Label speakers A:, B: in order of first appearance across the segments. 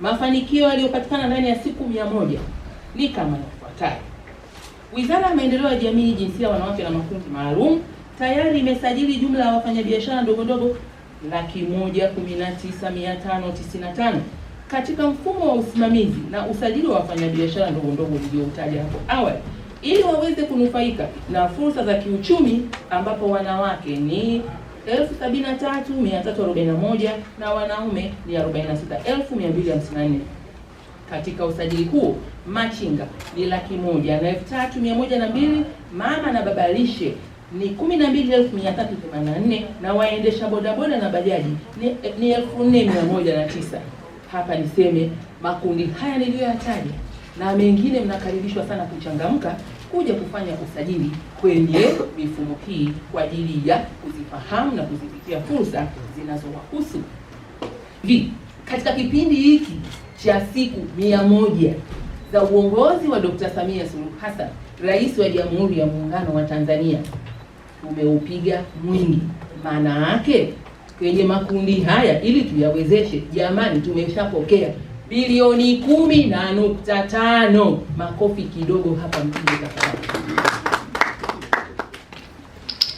A: Mafanikio yaliyopatikana ndani ya siku mia moja ni kama yafuatayo. Wizara ya Maendeleo ya Jamii, Jinsia, Wanawake na Makundi Maalum tayari imesajili jumla ya wafanyabiashara ndogondogo laki moja kumi na tisa mia tano tisini na tano katika mfumo wa usimamizi na usajili wa wafanyabiashara ndogondogo niliyoutaja hapo awali ili waweze kunufaika na fursa za kiuchumi ambapo wanawake ni 73341 na wanaume ni 46254. Katika usajili huu machinga ni laki moja na elfu tatu mia moja na mbili, mama na baba lishe ni 12384 na waendesha bodaboda na bajaji ni, ni Hapa niseme makundi haya niliyoyataja na mengine mnakaribishwa sana kuchangamka kuja kufanya usajili kwenye mifumo hii kwa ajili ya kuzifahamu na kuzipitia fursa zinazowahusu. Vi, katika kipindi hiki cha siku mia moja za uongozi wa Dr. Samia Suluhu Hassan, Rais wa Jamhuri ya Muungano wa Tanzania, tumeupiga mwingi. Maana yake kwenye makundi haya ili tuyawezeshe, jamani, tumeshapokea bilioni kumi na nukta tano. Makofi kidogo hapa mjini tafadhali.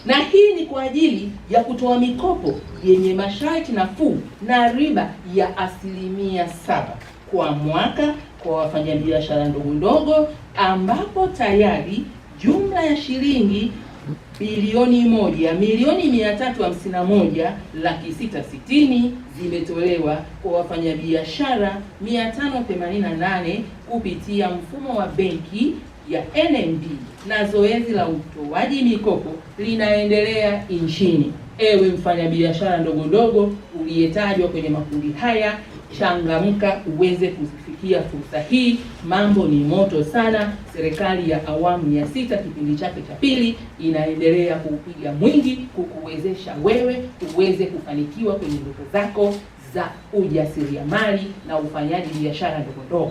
A: Na hii ni kwa ajili ya kutoa mikopo yenye masharti nafuu na riba ya asilimia saba kwa mwaka kwa wafanyabiashara ndogo ndogo ambapo tayari jumla ya shilingi bilioni moja milioni mia tatu hamsini na moja laki sita sitini zimetolewa kwa wafanyabiashara mia tano themanini na nane kupitia mfumo wa benki ya NMB na zoezi la utoaji mikopo linaendelea nchini. Ewe mfanyabiashara ndogo ndogo uliyetajwa kwenye makundi haya changamka uweze kufikia fursa hii. Mambo ni moto sana. Serikali ya awamu ya sita kipindi chake cha pili inaendelea kuupiga mwingi kukuwezesha wewe uweze kufanikiwa kwenye ndoto zako za ujasiriamali na ufanyaji biashara ndogo ndogo.